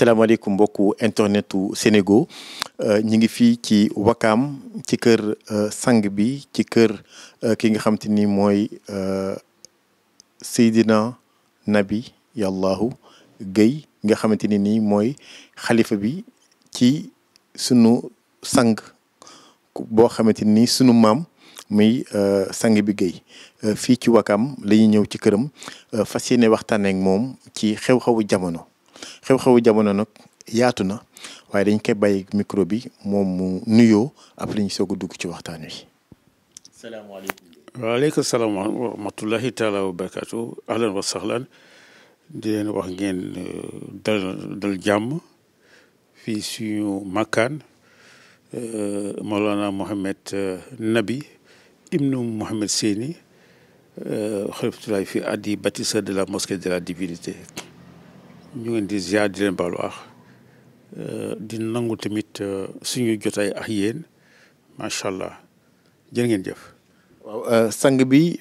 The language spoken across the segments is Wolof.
salaamaaleykum mbokku internetu Sénégal euh, ñi ngi fii ci Wakaam ci kër euh, sang bi ci kër euh, ki nga xam te ni mooy Seydina Nabi Yàllaahu géey nga xamante ni nii mooy xalifa bi ci sunu sang boo xamante ni sunu maam muy sang bi Guèye fii ci Wakaam la ñuy ñëw ci këram fas yéene waxtaan ak moom ci xew-xewu jamono. xew-xewu jamono nag yaatu na waaye dañ koy bàyyi micro bi moom mu nuyoo après ñu soog a dugg ci waxtaan wi. salaamaaleykum. waaleykum salaam wa rahmatullahi taala wa barakaatu ahlan wa sahlan di leen wax ngeen euh, dal dal jàmm fii suñu makkaan euh, Mawlana Mohamed euh, Nabi ibnu Mohamed Séni xalifatullahi fi adi bâtisseur de la mosquée de la divinité. ñu ngeen di ziar di leen baalu ax euh, di nangu tamit euh, suñu jotaay ak yéen macha allah jërë ngeen jëf. Euh, sang bi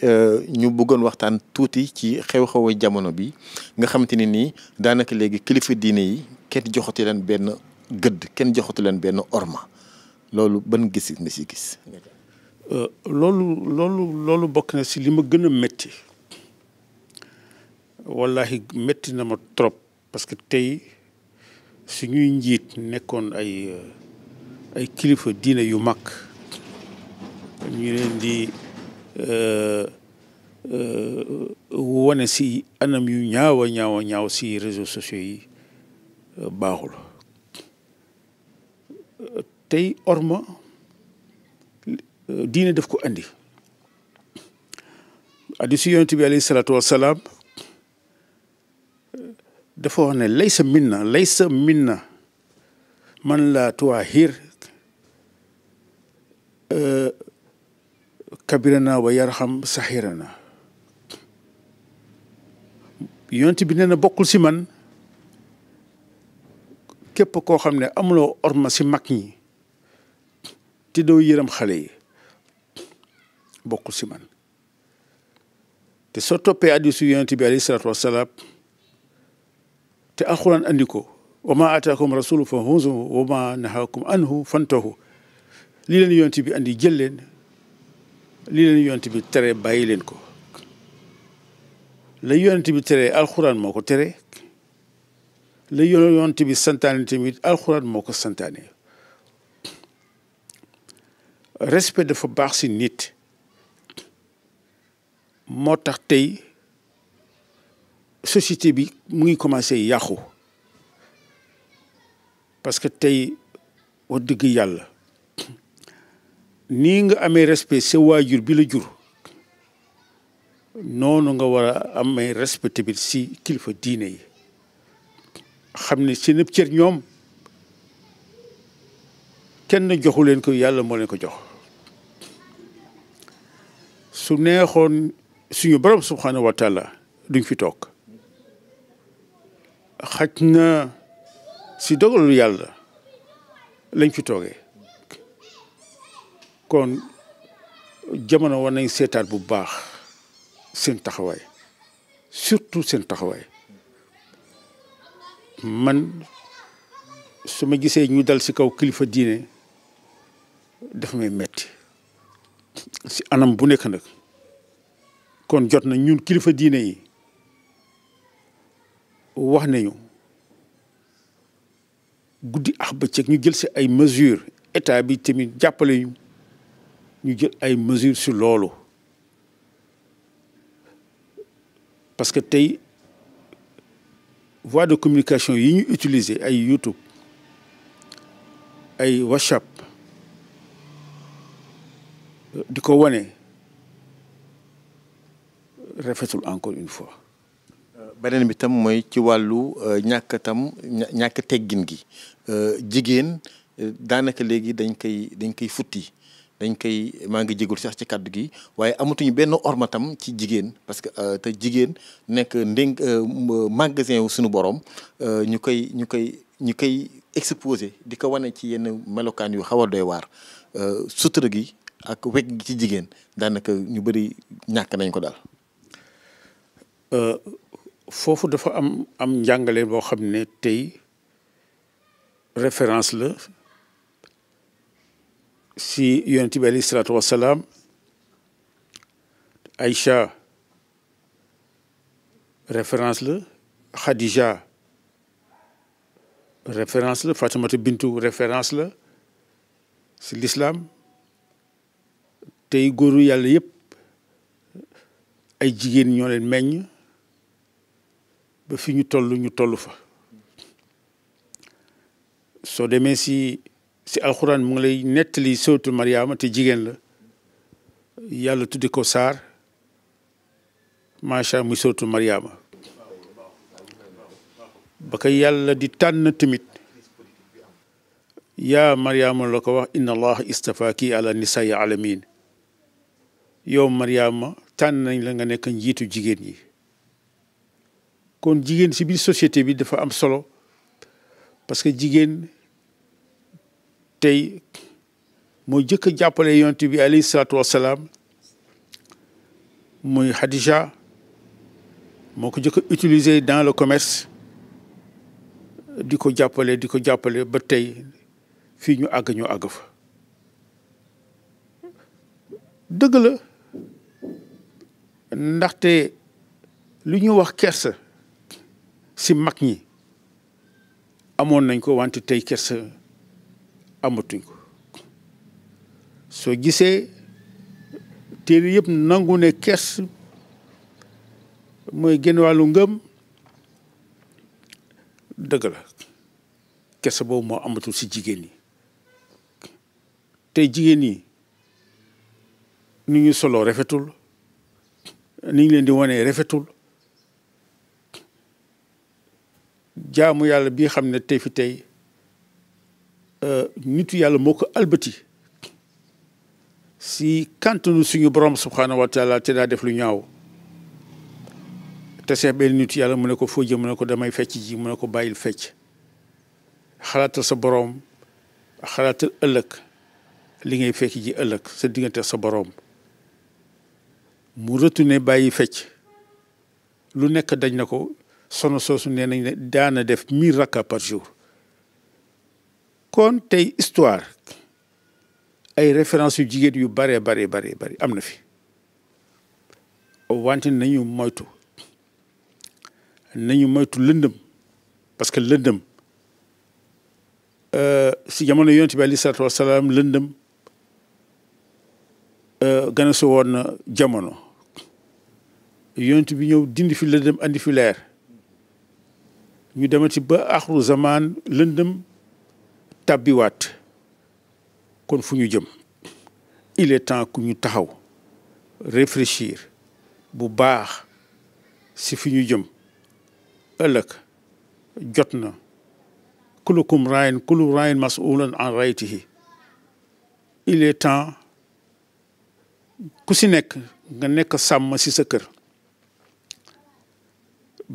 ñu bëggoon waxtaan tuuti ci xew-xewu jamono bi nga xamante ne nii daanaka léegi kilifa diine yi kenn joxatu leen benn gëdd kenn joxatu leen benn orma loolu ban gis nga si gis. loolu loolu loolu bokk na si li ma gën a métti wallahi métti na ma trop. parce que tey suñuy njiit nekkoon ay euh, ay kilifa diine yu mag ñu leen di euh, euh, wane si anam yu ñaaw a ñaaw si réseaux sociaux yi baaxul tey orma diine def ko andi addi si yonent bi alayhi salaatu wassalaam dafa wax ne laysa minna laysa minna man laa tuwaahir euh, kabirana wa yarxam saxirana yonent bi nee na bokkul si man képp koo xam ne amuloo orma si mag ñi te doo yërëm xale yi bokkul si man te soo toppee hadiisu yonent bi alayhi salaatu te alxuraan andi ko wa ma ataakum rasulu fa xuzuhu wa ma nahaakum anhu fantahu lii leen yonent bi andi jël leen li leen yonent bi tere bàyyi leen ko la yoon bi tere alxuraan moo ko tere la yonent bi santaane tamit alxuraan moo ko santaane respect fa baax si nit moo tax tey société bi mu ngi commencé yàqu parce que tey wax dëgg yàlla ni nga amee respect sa waajur bi la jur noonu nga war a amee respect tamit si kilifa diine yi xam ne seen ëpp cër ñoom kenn joxu leen ko yàlla moo leen ko jox su neexoon suñu borom subhanahu wa duñ fi toog xaj na si dogalu yàlla lañ fi toogee kon jamono war nañ seetaat bu baax seen taxawaay surtout seen taxawaay man su ma gisee ñu dal si kaw kilifa diine dafa may metti si anam bu nekk nag kon jot na ñun kilifa diine yi wax nañu guddi ax bëccëg ñu jël si ay mesures état bi tamit jàppale ñu ñu jël ay mesures sur loolu parce que tey voie de communication yi ñu utiliser ay YouTube ay WhatsApp di ko wane rafetul encore une fois beneen bi tam mooy ci wàllu euh, ñàkk tam ñàkk teggin gi euh, jigéen euh, daanaka léegi dañ koy dañ koy futti dañ koy maa ngi jégul sax ci kàddu gi waaye amatuñu benn ormatam ci jigéen parce que te jigéen nekk ndénk magasin wu suñu borom ñu koy ñu koy ñu koy exposé di ko wane ci yenn melokaan yu xaw a doy waar sutura gi ak wegg gi ci jigéen daanaka ñu bëri ñàkk nañ ko daal foofu dafa am am njàngale boo xam ne tey référence la si yonent bi alayhi salaatu wassalaam Aïcha référence la Khadija référence la Fatimata Bintu référence la si l'islam tey góoru yàlla yëpp ay jigéen ñoo leen meññ ba fi ñu toll ñu toll fa soo demee si si alxuraan mu ngi lay nettali sootu Mariama te jigéen la yàlla tudde ko saar macha muy sootu Mariama ba ko yàlla di tànn tamit yaa Mariama la ko wax inna allah istafaaki ala nisaai alamin yow Mariama tànn nañ la nga nekk njiitu jigéen yi kon jigéen ci biir société bi dafa am solo parce que jigéen tey moo jëkk a jàppale yonent bi alayhi salaatu wassalaam muy Xadija moo ko jëkk a utiliser dans le commerce di ko jàppale di ko jàppale ba tey fii ñu àgg ñu àgg fa dëgg la ndaxte lu ñu wax kersa si mag ñi amoon nañ ko wante tey kersa amatuñ ko soo gisee téere yëpp nangu ne kers mooy genn wàllu ngëm dëgg la kers boobu moo amatul si jigéen ñi tey jigéen ñi ni ñu soloo rafetul ni ñu leen di wanee rafetul jaamu yàlla bi xam ne tey fi tey euh, nitu yàlla moo ko albati si kantanu suñu borom subhanahu wa te daa def lu ñaaw te seex benn nitu yàlla mu ne ko foo jëm mu ne ko damay fecc ji mu ne ko bàyyil fecc xalaatal sa borom xalaatal ëllëg li ngay fekk ji ëllëg sa diggante sa borom mu retourné bàyyi fecc lu nekk dañ na ko sono soosu nee nañ ne daana def mille rakka par jour kon tey histoire ay référence yu jigéen yu bare bare bare bare am na fi wante nañu moytu nañu moytu lëndëm parce que lëndëm euh, si jamono yonent bi aleyhi salaatu wa lëndëm euh, gën a woon na jamono yonent bi ñëw dindi fi lëndëm andi fi leer ñu demati ba axru zamaan lëndëm tàbbiwaat kon fu ñu jëm il est temps ku ñu taxaw réfléchir bu baax si fu ñu jëm ëllëg jot na kulukum raayin kullu raayin masulan an raaytihi il est temps ku si nekk nga nekk sàmm si sa kër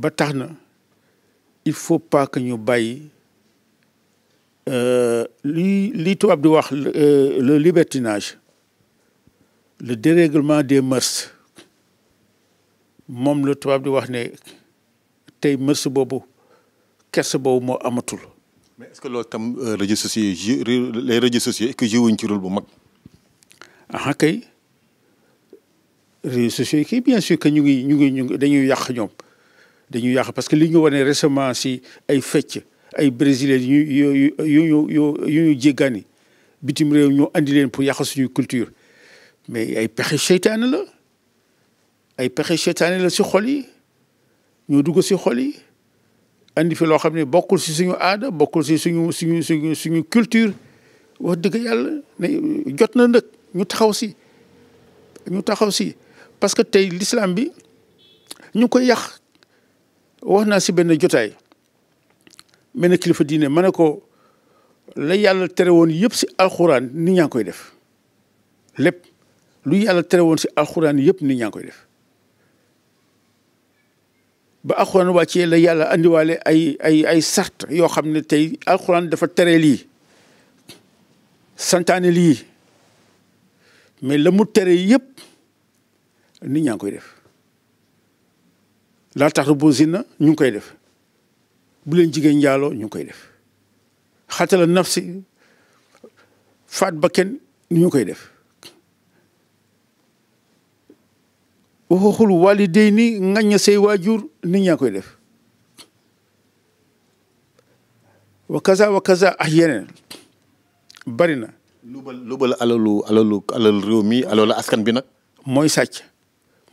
ba tax na il faut pas que ñu bàyyi euh, li li tubaab di wax euh, le libertinage le déréglement des mœurs moom la tubaab di wax ne tey mars boobu kese boobu moo amatul. mais est-ce que loolu tam euh, réseaux sociaux yi les réseaux sociaux que joué ci rôle bu mag. ah kay réseaux sociaux yi bien sûr que ñu ngi ñu ngi ñu ngi dañuy yàq ñoom. dañuy yàq parce que li ñu wane récemment si ay fecc ay brésilien yu yu yu ñu yu ñu jéggaani bitim réew ñoo andi leen pour yàq suñu culture mais ay pexe seytaane la ay pexe seytaane la si xol yi ñoo dugg si xol andi fi loo xam ne bokkul si suñu aada bokkul si suñu suñu suñu suñu culture wax dëgg yàlla ne jot na nag ñu taxaw si ñu taxaw si parce que tey l'islam bi ñu koy yàq wax naa si benn jotaay benn kilifa diine ma ne ko la yàlla tere woon yëpp si alxuraan ni ñaa ngi koy def lépp lu yàlla tere woon si alxuraan yëpp ni ñaa ngi koy def ba alxuraan wàccee la yàlla andiwaale ay ay ay sart yoo xam ne tey alxuraan dafa tere lii santaane lii mais la mu tere yëpp ni ñaa ngi koy def laa tax boo zina ñu ngi koy def bu leen njaaloo ñu koy def xatala nafsi faat ba kenn ñu koy def waxul waalidey ni ŋañña say waajur nit ñaa koy def wa kaza wa ak yeneen bari na lubal lubal alalu alalu alalu réew mi alalu askan bi nag mooy sàcc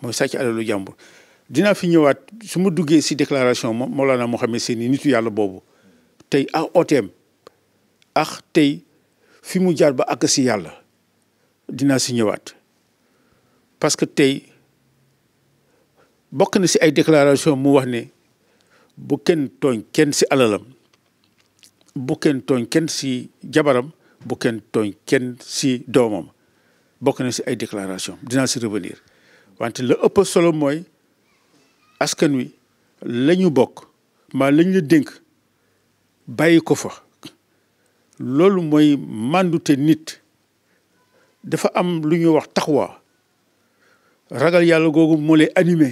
mooy sàcc alalu jàmbur dinaa fi ñëwaat su ma duggee si déclaration Mawlana Mohamed seeni nitu yàlla boobu tey ak oteem ak tey fi mu jaar ba àgg si yàlla dinaa si ñëwaat parce que tey bokk na si ay déclaration mu wax ne bu kenn tooñ kenn si alalam bu kenn tooñ kenn si jabaram bu kenn tooñ kenn si doomam bokk na si ay déclaration dinaa si revenir wante la ëpp solo mooy askan wi la ñu bokk mbaa la la dénk bàyyi ko fa loolu mooy màndute nit dafa am lu ñuy wax taxawaa ragal yàlla googu moo lay animé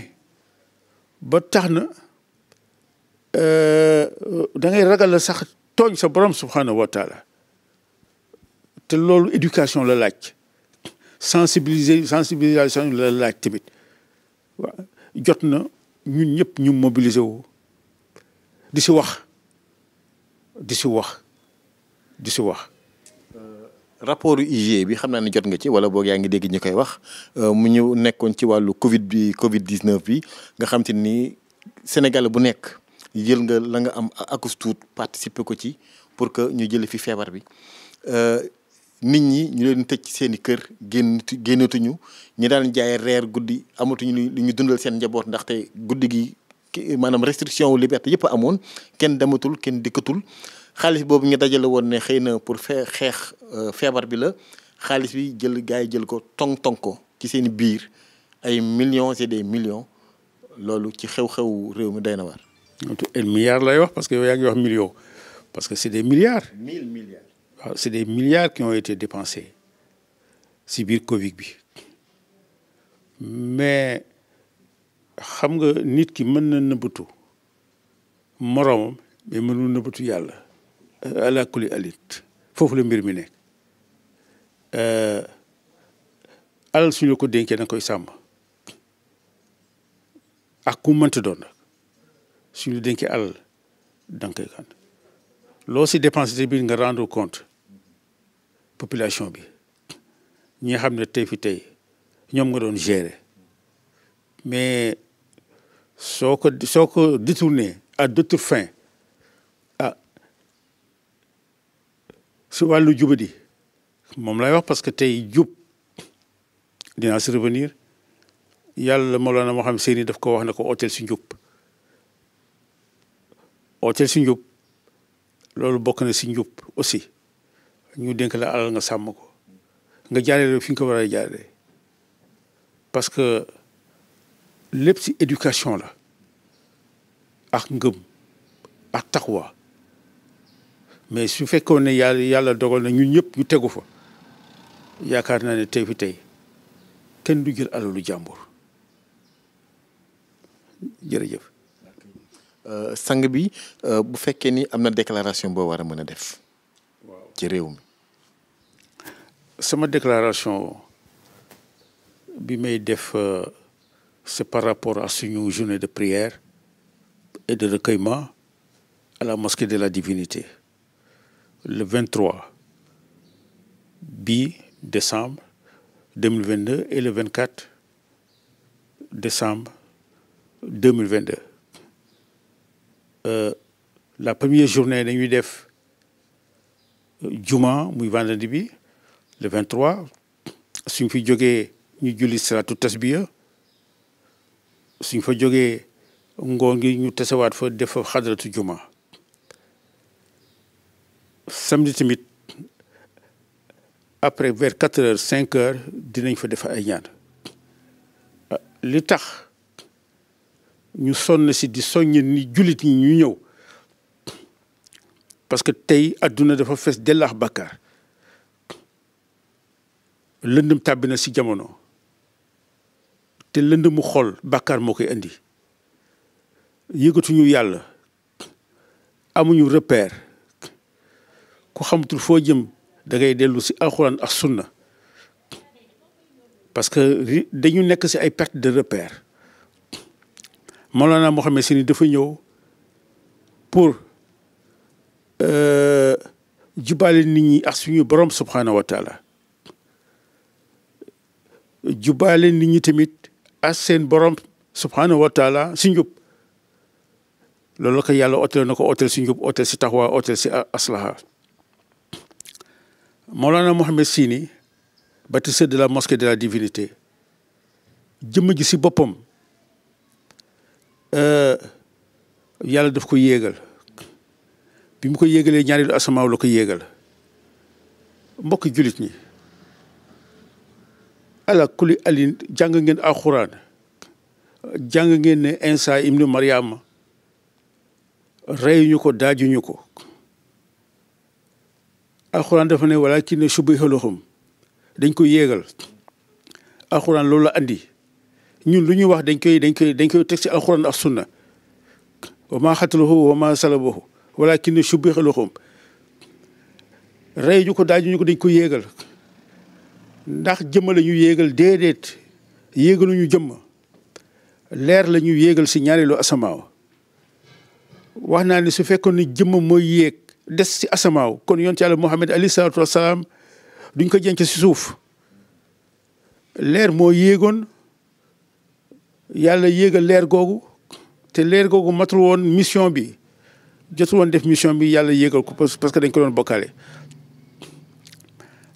ba tax na euh, da ngay ragal la sax tooñ sa borom subhanahu wa te loolu éducation la laaj sensibiliser sensibilisation la laaj tamit jot na ñun ñëpp ñu mobiliser wu di si wax di si wax di si wax. rapport IGE bi xam naa ne jot nga ci wala boog yaa ngi dégg ñu koy wax mu ñu nekkoon ci wàllu Covid bi Covid 19 bi nga xam te ni Sénégal bu nekk jël nga la nga am akus tuut participer ko ci pour que ñu jële fi feebar bi. nit ñi ñu leen tëj ci seen i kër génn génnatuñu ñi daan jaay reer guddi amatuñu lu ñu dundal seen njaboot ndaxte guddi gi maanaam restriction wu liberté yëpp amoon kenn dematul kenn dikkatul xaalis boobu ñu dajale woon ne xëy na pour fee xeex euh, feebar bi la xaalis bi jël gars yi jël ko tong-tong ko ci seen biir ay millions et des millions loolu ci xew-xew réew mi day na waar. milliard lay wax parce que yow yaa ngi wax million parce que c'est des milliards. mille milliards. waaw c'est des milliards qui ont été dépensés si biir Covid bi mais xam nga nit ki mën na nëbbatu morom mais mënul nëbbatu yàlla euh, ala kuli alit foofu la mbir mi nekk euh, alal suñu ko denkee da koy sàmm ak ku mënta doon su suñu dénkee alal da koy kan loo si dépensé te biir nga rendre compte population bi ñi nga xam ne tey fi tey ñoom nga doon gérer mais soo ko soo ko détourné à d'autres a ah si wàllu di moom lay wax parce que tey jub dinaa si revenir yàlla Mawlana moo xam seeni daf ko wax ne ko hôtel si njub hôtel si njub loolu bokk na si njub aussi ñu dénk la alal nga sàmm ko nga jaaree fi nga ko war a jaaree parce que lépp si éducation la ak ngëm ak taxawa mais su fekkoon ne yàlla yàlla dogal na ñun ñëpp ñu tegu fa yaakaar naa ne tey fi tey kenn du jël alalu jàmbur jërëjëf. Euh, sang bi euh, bu fekkee ni am na déclaration boo war a mën a def. ci réew mi sama déclaration bi may def euh, c'est par rapport à suñu journée de prière et de recueillement à la mosquée de la divinité le 23 bi décembre 2022 et le 24 décembre 2022 euh, la première journée dañuy def juma muy vendredi bi le 23 suñ fi jógee ñu julli salatu tasbiya suñ fa jógee ngoo gi ñu tesewaat fa def fa juma samedi tamit après vers quatre heures cinq heures dinañ fa def ay ñaan ah, li tax ñu sonn si di soññ ni jullit ñi ñu ñëw parce que tey adduna dafa fees dell ak bàkkaar lëndëm tàbbi na si jamono te lënd mu xol bàkkaar moo koy indi yëgatuñu yàlla amuñu repère ku xamatul foo jëm da dellu si alxuraan ak sunna parce que dañu nekk si ay perte de repère Mawlana Mohamed Sini dafa ñëw pour. Euh, jubale nit ñi ak suñu borom subhanahu wa taala jubale nit ñi tamit ak seen borom subhanahu wa taala si njub loolu la ko yàlla ooteel na ko ooteel si njub ooteel si taxawaa ooteel si aslaha Mawlana Mohamed Sini bâtisseur de la mosquée de la divinité jëmm ji si boppam euh, yàlla daf ko yéegal bi mu ko yéegalee ñaareelu asamaaw la ko yéegal mbokk jullit ñi ala kuli alin jàng ngeen alxuraan jàng ngeen ne Insa ibnu Mariama reyuñu ko daajuñu ko alxuraan dafa ne walakin shubbiha lahum dañ ko yégal alxuraan loolu la andi ñun lu ñuy wax dañ koy dañ koy dañ koy teg ci alxuraan ak sunna wa maa xataluhu wa maa wala ki ne subbixa loxoom rey ko daaju ko dañ ko yéegal ndax jëmm la ñu yéegal déedéet yéegaluñu jëmm leer la yéegal si ñaareelu asamaaw wax naa ne su fekkoon ne jëmm mooy yéeg des si asamaaw kon yonent yàlla Muhammad alayhi salaatu duñ ko jenc si suuf leer moo yéegoon yàlla yéegal leer googu te leer googu matul woon mission bi jotul woon def mission bi yàlla yéegal ko parce que dañ ko doon bokkaale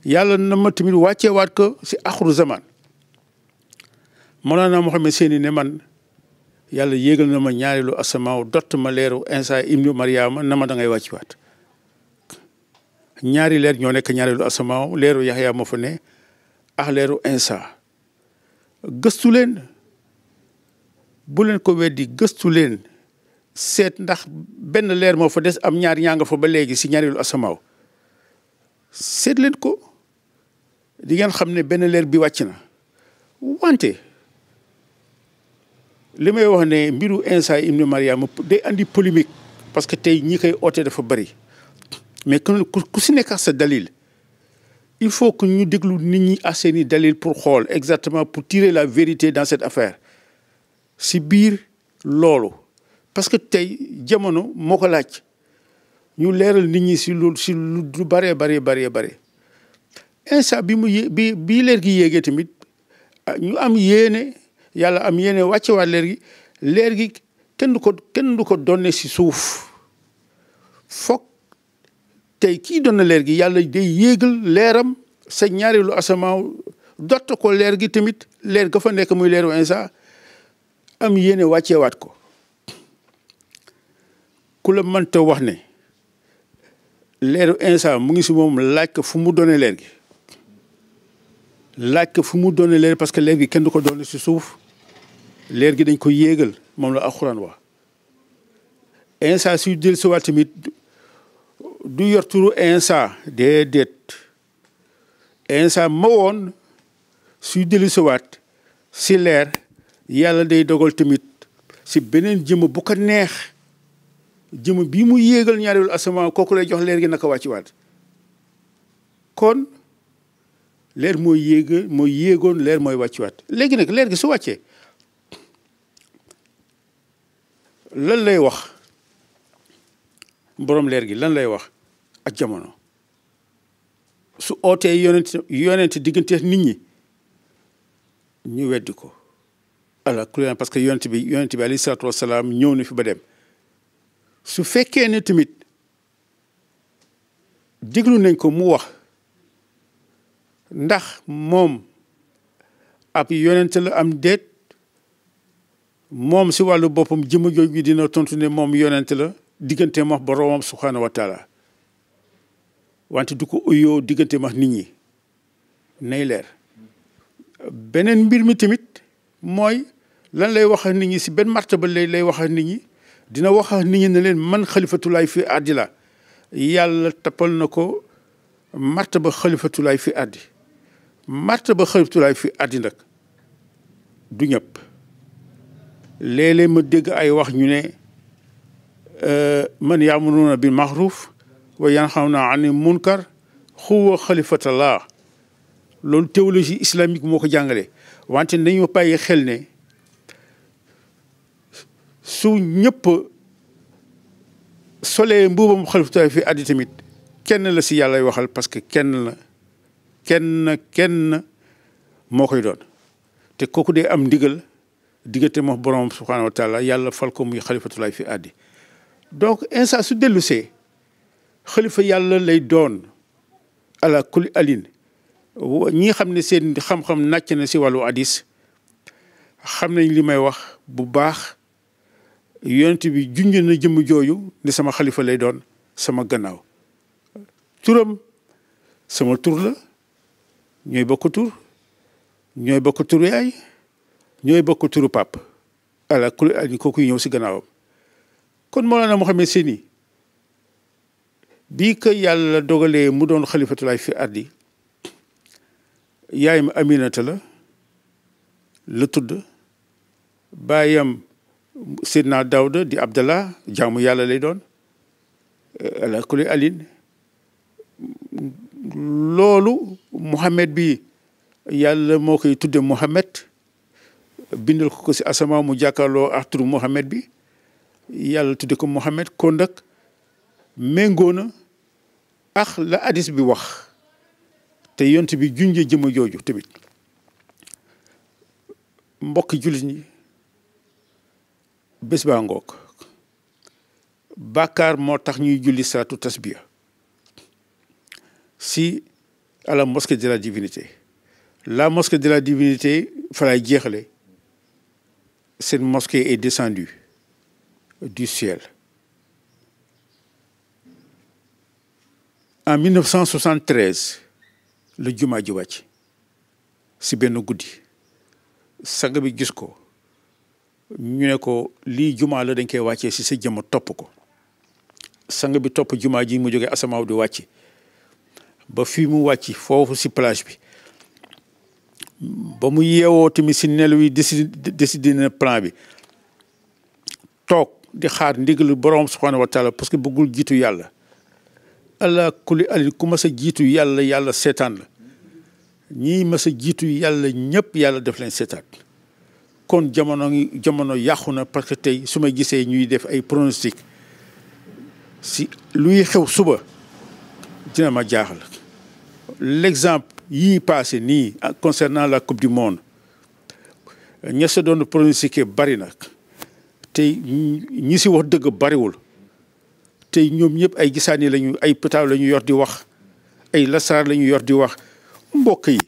yàlla na ma wàcce waat ko si axru zaman Mawlana Mouhamed Seyni ne man yàlla yéegal na ma ñaareelu asamaaw dott ma leeru Insa ibnu Mariama na ma dangay ngay waat ñaari leer ñoo nekk ñaareelu asamaaw leeru Yaxya moo fa ne ak leeru Insa gëstu leen bu leen ko weddi gëstu leen. seet ndax benn leer moo fa des am ñaar ñaa nga fa ba léegi si ñaareelu asamaaw seetleen ko di ngeen xam ne benn leer bi wàcc na wante li may wax ne mbiru Insa ibnu Mariama de andi polémique parce que tey ñi koy oote dafa bari mais ku si nekk sa dalil il faut que ñu déglu nit ñi à seeni dalil pour xool exactement pour tirer la vérité dans cette affaire si biir loolu parce que tey jamono moo ko laaj ñu leeral nit ñi si lu si lu bëree bëree bëree bëree instant bi mu yé bi leer gi yéegee tamit ah, ñu am yéene yàlla am yéene wàccewaat leer gi leer gi kenn du ko kenn du ko donne si suuf foog tey kii donna leer gi yàlla day yéegal leeram sa ñaareelu asamaaw dott ko leer gi tamit leer ga fa nekk muy leeru instant am yéene wàccewaat ko ku la mënta wax ne leeru instant mu ngi si moom laaj ko fu mu doone leer gi laaj ko fu mu doone leer parce que leer gi kenn du ko doone si suuf leer gi dañ ko yéegal moom la alxuraan wax instant suy del si waat tamit du yor turu instant déedéet instant ma woon suy dellu si waat si leer yàlla day dogal tamit si beneen jëmm bu ko neex jëm bi mu yéegal ñaareelu asamaan kooku lay jox leer gi naka wàcci waat kon leer mooy yéeg mooy yéegoon leer mooy wàcci waat léegi nag leer gi su wàccee lan lay wax borom leer gi lan lay wax ak jamono su ootee yonent yonent diggante nit ñi ñu weddi ko ala kulli parce que yonent bi yonent bi alayhi salaatu ñëw na fi ba dem su fekkee ne tamit déglu nañ ko mu wax ndax moom ab yonent la am déet moom si wàllu boppam jëmm jooju dina tontu ne moom yonent la diggante max boroomam subhaanahu wa taala wante du ko uyoo diggante max nit ñi nay leer beneen mbir mi tamit mooy lan lay wax nit ñi si benn martaba lay lay wax nit ñi dina wax nit ñi ne leen man xalifatulaay fi addi la yàlla tappal na ko martaba xalifatulaay fi addi martaba xalifatulaay fi addi nag du ñëpp léeg ma dégg ay wax ñu ne euh, man yaamuruuna bil maxruuf wa yanhawna ani munkar xuwa xalifatallah loolu théologie islamique moo ko jàngale wante nañu bàyyi xel ne su ñëpp solee mbuubam xalifa fi addi tamit kenn la si yàllay waxal parce que kenn la kenn kenn moo koy doon te kooku dee am ndigal diggante moom borom subhaanahu wa yàlla fal ko muy xalifatulaay fi àddi donc instant su dellu see xalifa yàlla lay doon ala kulli alin ñi xam ne seen xam-xam nàcc si wàllu hadis xam nañ li may wax bu baax yonent bi junj na jëmm jooju ni sama xalifa lay doon sama gannaaw turam sama tur la ñooy bokk tur ñooy bokk turu yaay ñooy bokk pàpp pap ala kul añ kooku ñëw si gannaawam kon Mawlana Mouhamed Seyni bii ko yàlla dogalee mu doon xalifatulaay fi ardi yaayam aminat la la tudd baayam Seydina Daawda di Abdallah jaamu yàlla lay doon eh, ala kulli alin loolu Muhammad bi yàlla moo koy tudde Muhammad bindal ko ko si asamaa mu jàkkaarloo ak turu Muhammad bi yàlla tudde ko Muhammad kon nag méngoo na ak la hadis bi wax te yont bi junjee jëma jooju tamit mbokki jullit ñi bés baa ngoog bàkkaar moo tax ñuy julli salaatu tasbiya si à la mosquée de la divinité la mosquée de la divinité falaay jeexale cette mosquée est descendue du ciel en 1973 la jumaa ji wàcc si benn guddi saga bi gis ko ñu ne ko lii jumaa la dañ koy wàccee si sa jëmm topp ko sang bi topp jumaa ji mu jógee asamaaw di wàcc ba fii mu wàcc foofu si plage bi ba mu yeewoo tamit si nelaw yi décidé décidé plan bi toog di xaar ndigalu borom subhanahu wa parce que bëggul jiitu yàlla allah kulli alin ku mas a jiitu yàlla yàlla seetaan la ñii mas jiitu yàlla ñëpp yàlla def leen seetaan kon jamono jamono yàqu na parce que tey su ma gisee ñuy def ay pronostic si luy xew suba dina ma jaaxal l'exemple yii passé nii concernant la coupe du monde ña sa doon pronostiqué bari na tey ñi si wax dëgg bariwul tey ñoom ñëpp ay gisaani lañu ay pétaaw la ñu yor di wax ay lasaraar la ñu yor di wax mbokk yi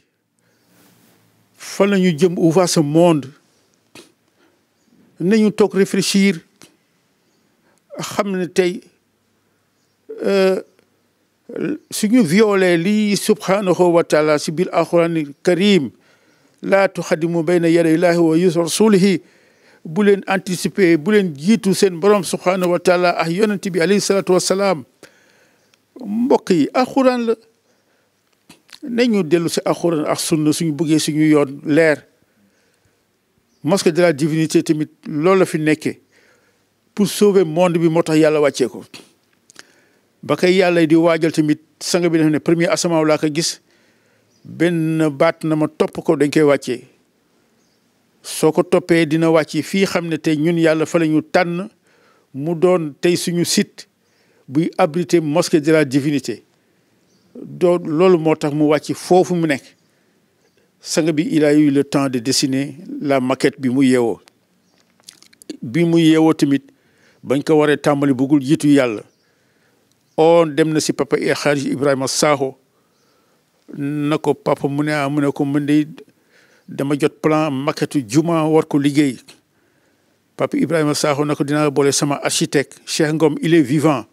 fan lañu jëm où va monde nañu toog réfléchir xam ne tey euh, suñu violé lii subhanahu wa taala si biir alquran karim laa tuxadimu bayna yaday illaahi wa yus rasulihi bu leen anticiper bu leen jiitu seen borom subhanahu wa taala ak yonent bi alayhi salaatu wassalaam mbokk yi alquran la nañu dellu si alquran ak sunna suñu bëggee suñu yoon leer masque de la divinité tamit loolu la fi nekkee pour sauver monde bi moo tax yàlla wàccee ko ba kay yàlla di waajal tamit sang bi def ne premier asamaaw laa ko gis benn baat na ma topp ko dañ koy wàccee soo ko toppee dina wàcc fii xam ne tey ñun yàlla fa la ñu tànn mu doon tey suñu sit buy abriter mosquée de la divinité doo loolu moo tax mu wàcc foofu mu nekk sang bi il a le temps de dessiner la maquette bi mu yeewoo bi mu yeewoo tamit bañ ko waree tàmbali bëggul jiitu yàlla on oh, dem na si papa Xaaji Ibrahima Sakho na ko papa mu ne ah mu ne ko mën de dama jot plan maquette juma war ko liggéey papa Ibrahima Sakho na ko dinaa boole sama architecte Cheikh Ngom il vivant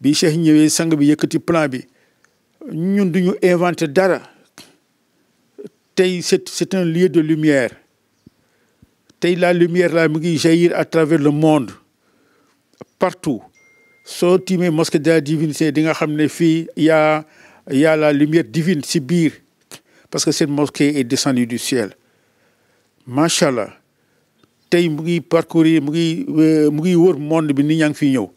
bi Cheikh ñëwee sang bi yëkkati plan bi ñun duñu inventé dara. tey c'est c'est un lieu de lumière tey la lumière la mu ngi jaillir à travers le monde partout soo tiimee mosquée de la divinité di nga xam ne fii yaa yaa la lumière divine si biir parce que cette mosquée est descendue du ciel macha allah tey mu ngi parcourir mu ngi euh, mu ngi wër monde bi ni ñaa ngi fi ñëw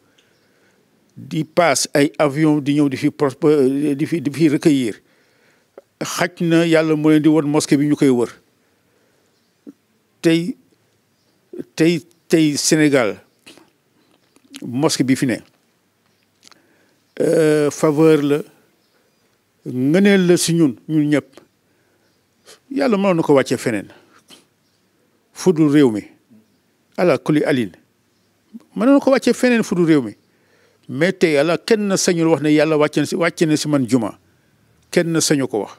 di paas ay avion di ñëw di fi euh, di fi di fi recueillir xaj na yàlla moo leen di won mosquée bi ñu koy wër tey tey tey Sénégal mosquée bi fi ne euh, faveur la ngëneel la si ñun ñun ñëpp yàlla mënoon na ko wàccee feneen fudul réew mi ala kuli alin mënoon na ko wàccee feneen fudul réew mi mais tey yàlla kenn sañul wax ne yàlla wàcce na si wàcce na si man juma kenn sañu ko wax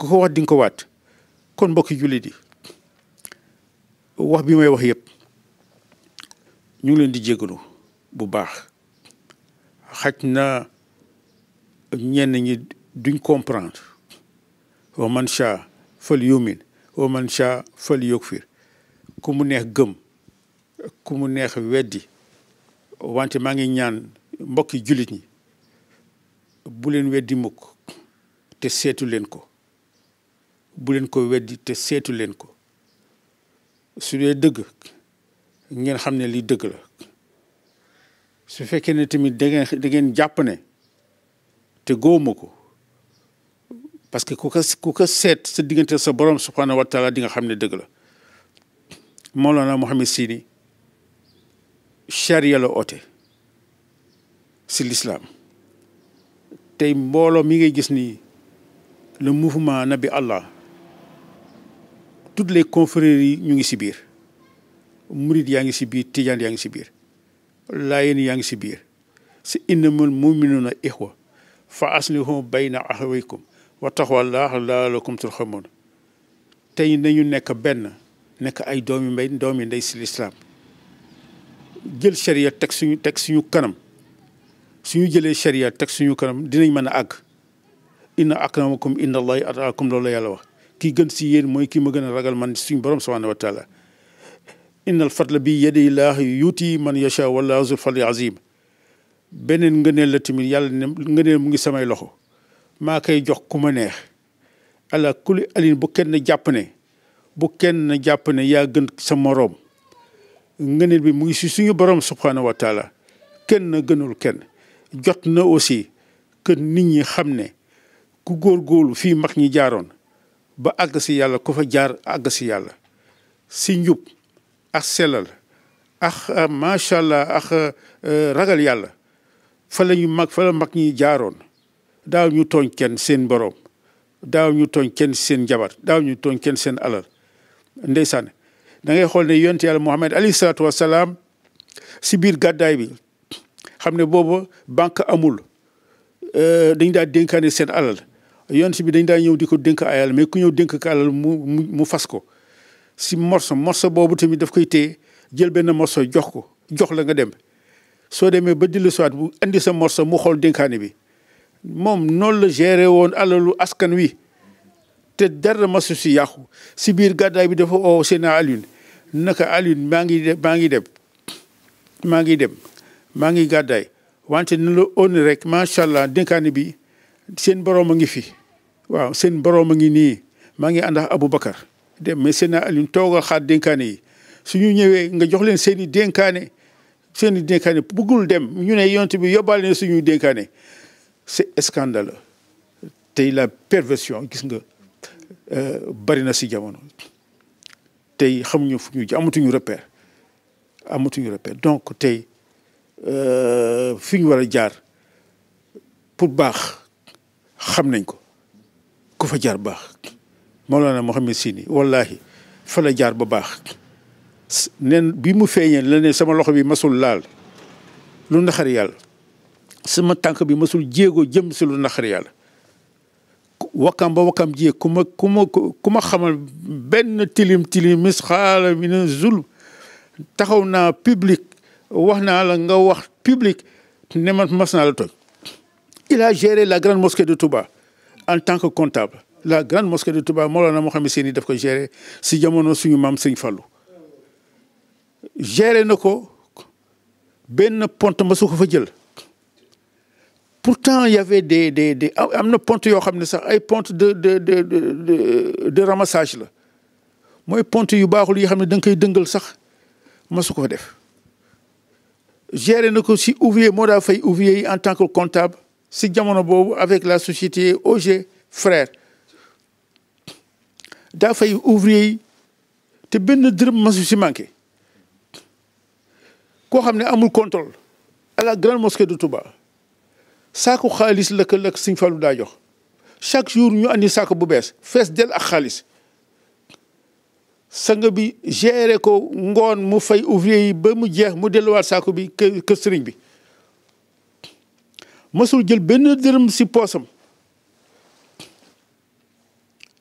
ku ko wax di nga ko waat kon mbokki jullit yi wax bi may wax yépp ñu ngi leen di jégalu bu baax xaj na ñenn ñi duñ comprendre wa man sha fal yumin wa man sha fal yukfir ku mu neex gëm ku mu neex weddi wante maa ngi ñaan mbokki jullit ñi buleen leen weddi mukk te seetu leen ko bu leen ko weddi te seetu leen ko su dee dëgg ngeen xam ne lii dëgg la su fekkee ne tamit dangeen ngeen jàpp ne te góoma ko parce que ku ko ku seet sa diggante sa borom subhanahu wa taala di nga xam ne dëgg la Mawlana Mouhamed Sini charia la oote si lislaam tey mbooloo mi ngay gis nii le mouvement Nabi Allah toutes les confréries yi ñu ngi si biir murid yaa ngi si biir tijaan yaa ngi si biir laayeen yaa ngi ci biir si innamal muminuuna ixwa fa aslihu bayna axawaykum wa taxwallah laalakum turxamoon tey nañu nekk benn nekk ay doomi mbay doomi ndey si lislaam jël sharia teg suñu teg suñu kanam suñu jëlee sharia teg suñu kanam dinañ mën a àgg inna akramakum inda allahi ataakum loolu la yàlla wax ki gën si yéen mooy kii ma gën a ragal man suñu borom subhanahu wa taala innal fadla bi yadi laahi yuuti man yacha wallaahu zul fadli azim beneen ngëneel la tamit yàlla ne ngëneel mu ngi samay loxo maa koy jox ku ma neex ala kuli alin bu kenn jàpp ne bu kenn jàpp ne yaa gën sa moroom ngëneel bi mu ngi suñu borom subhanahu wa taala kenn gënul kenn jot na aussi que nit ñi xam ne ku góor góorgóorlu fii mag ñi jaaroon ba àgg si yàlla ku fa jaar àgg si yàlla si njub ak sellal ak euh, macha allah ak euh, ragal yàlla fa la ñu mag fa mag ñi jaaroon daaw ñu tooñ kenn seen borom daaw ñu tooñ kenn seen jabar daaw ñu tooñ kenn seen alal ndeysaan da ngay xool ne yonent yàlla Muhammad alayhi salaatu wasalaam si biir gàddaay bi xam ne booba banque amul euh, dañ daa dénkaane seen alal si bi dañ daa ñëw di ko dénk ay alal mais ku ñëw dénk ka alal mu mu mu fas ko si morso morso boobu tamit daf koy téye jël benn morso jox ko jox la nga dem soo demee ba dellu soit bu indi sa morso mu xool dénkaane bi moom noonu la géré woon alalu askan wi te dara masu si yàqu si biir gàddaay bi dafa oo seen Alioune naka Alioune maa ngi de maa ngi dem maa ngi dem maa ngi gàddaay wante nu rek macha allah dénkaane bi seen borom a ngi fi waaw seen borom a ngi nii maa ngi ànd ak Aboubacar dem mais seen Alioune toog a xaar dénkaane yi su ñu ñëwee nga jox leen seen i dénkaane seen i dénkaane bëggul dem ñu ne yonent bi yóbbaale leen suñuy dénkaane c'est scandaleux tey la perversion gis nga euh, bari na si jamono tey xamuñu fu ñu amatuñu repère amatuñu repère donc tey euh, fi ñu war a jaar pour baax xam nañ ko ku fa jaar baax Mawlana Mohamed Sini wallahi fa jaar ba baax nen bi mu feeñee la ne sama loxo bi masul laal lu naxar yàlla sama tànk bi masul jéego jëm si lu naxar yàlla wakkaam ba wakkaam jiyee ku ma ku ma ku ma xamal benn tilim tilim mis xaala mi ne zul taxaw naa public wax naa la nga wax public ne man mas naa la toj il a géré la grande mosquée de Touba en tant que comptable la grande mosquée de Touba Mawlana Mohamed Seyni daf ko géré si jamono suñu maam Sëñ Fallou géré na ko benn ponte ma su ko fa jël pourtant y avait des des des na ponte yoo xam ne sax ay ponte de de de de de ramassage la mooy ponte yu baaxul yi xam ne da nga koy dëngal sax ma su géré na ko si ouvrier moo daa fay ouvrier yi en tant que comptable si jamono boobu avec la société OG frère daa fay ouvrier yi te benn dërëm masu si manqué koo xam ne amul contrôle à la grande mosquée de Touba saako xaalis la ko la Sëñ daa jox chaque jour ñu andi saako bu bees fees del ak xaalis sang bi géré ko ngoon mu fay ouvrier yi ba mu jeex mu delluwaat saako bi kë sëriñ bi masul jël benn dërëm si poosam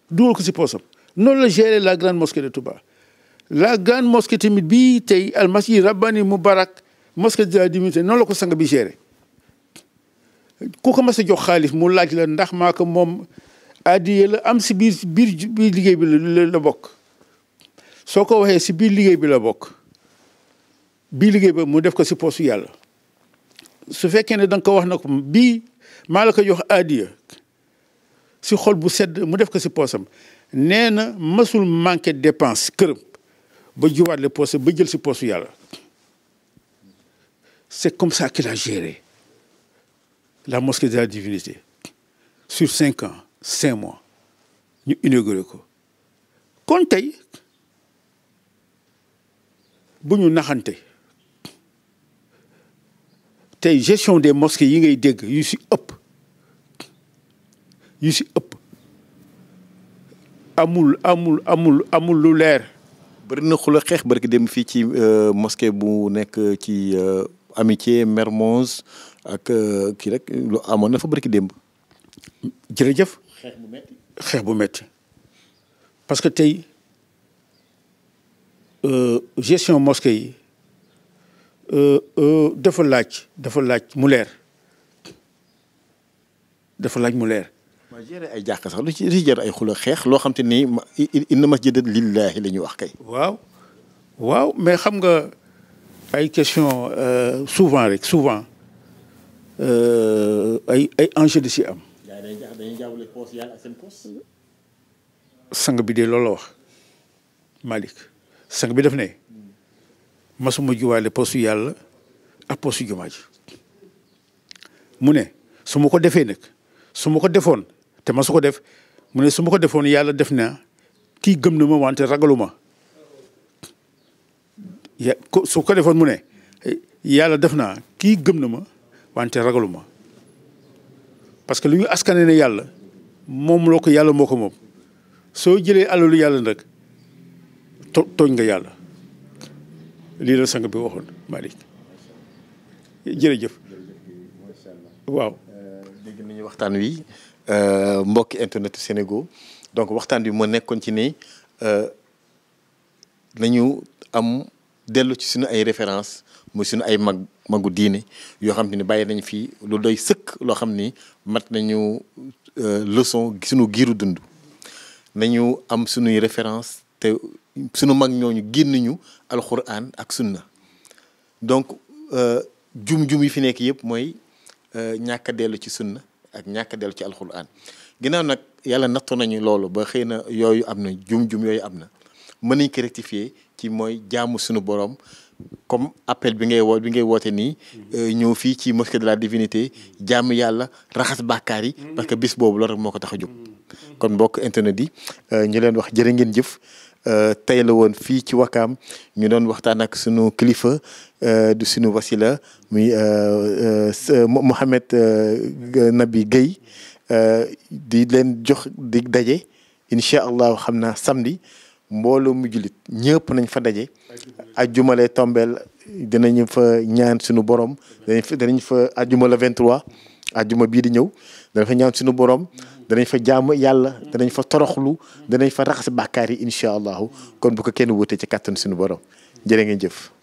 dugal ko si poosam noonu la géré la grande mosquée de Touba la grande mosquée tamit bii tey almasjid rabbani mubarak mosquée de la divinité noonu la ko sanga bi géré ku ko mas a jox xaalis mu laaj la ndax maa moom addiye la am si biir biir biir liggéey bi la bokk soo ko waxee si biir liggéey bi la bokk biir liggéey ba mu def ko si poosu yàlla su fekkee ne da nga ko wax na ko bii maa la ko jox adiya si xol bu sedd mu def ko si poosam nee na masul manqué dépense këram ba jiwaat le poos ba jël si poosu yàlla c'est comme ça qu'il a géré la mosquée de la divinité sur cinq ans cinq mois ñu inauguré ko kon bu ñu naxante tey gestion des mosquées yi ngay dégg yu si ëpp yu si ëpp amul amul amul amul lu leer. bëri na xula xeex barki dem fii ci euh, mosquée bu nekk ci euh, amitié Mermoz ak euh, kii rek lu amoon na fa barki démb. jërëjëf. xeex bu metti parce que tey gestion mosquée yi. Euh, euh, dafa laaj dafa laaj mu leer dafa laaj mu leer. ma géré ay jàkka sax lu ci lu ay xula xeex loo xam te ni ma inna masjida lillahi la ñuy wax kay. waaw waaw mais xam nga ay question euh, souvent rek souvent ay ay enjeu di si am. sang bi de loolu la wax Malick sang bi def ne. masuma juwaale postu yàlla ak postu jumaa ji mu ne su ma ko defee nag su ma ko defoon te ma su ko def mu ne su ma ko defoon yàlla def na kii gëm na ma wante ragaluma ya su ko defoon mu ne yàlla def naa kii gëm na ma wante ragaluma parce que lu ñu askane ne yàlla moom loo ko yàlla moo ko moom soo jëlee alalu yàlla nag to tooñ nga yàlla lii la sang bi waxoon Malick jërëjëf. waaw. dégg nañu waxtaan wi euh, mbokki internet Sénégal donc waxtaan wi moo nekkoon ci ne euh, nañu am dellu ci suñu ay référence muy suñu ay mag magu diine yoo xam ni bàyyi nañu fi lu doy sëkk loo xam ni mat nañu euh, leçon suñu giiru dund nañu am suñuy référence te sunu mag ñooñu génn ñu alxuraan ak sunna donc euh, jum-jum yi fi nekk yëpp mooy euh, ñàkk dellu ci sunna ak ñàkk dellu ci alxuraan ginnaaw nag yàlla nattu nañu loolu ba xëy na yooyu am na jum-jum yooyu am na mën nañ ko rectifier ci mooy jaamu sunu borom comme appel bi ngay woo bi ngay woote nii euh, ñëw fii ci mosquée de la divinité jàmm yàlla raxas bàkkaar yi parce que bis boobu loolu rek moo ko tax a jóg kon mbokk internet yi ñu leen wax jërë ngeen jëf Euh, tey la woon fii ci Wakaam ñu doon waxtaan ak sunu kilifa euh, du sunu wasila muy euh, Mouhamed Nabi Guèye di leen jox di daje incha allah xam naa samdi mbooloo mu jullit ñëpp nañ fa daje. ajumale lay tombeel dinañu fa ñaan sunu borom. danañ fa danañ fa ajjuma la 23. àjjuma bii di ñëw danañ fa ñaan suñu borom danañ fa jaamu yàlla danañ fa toroxlu danañ fa raxas bàkkaar yi incha allahu kon bu ko kenn wutee ci kàttan suñu borom jërë ngeen jëf.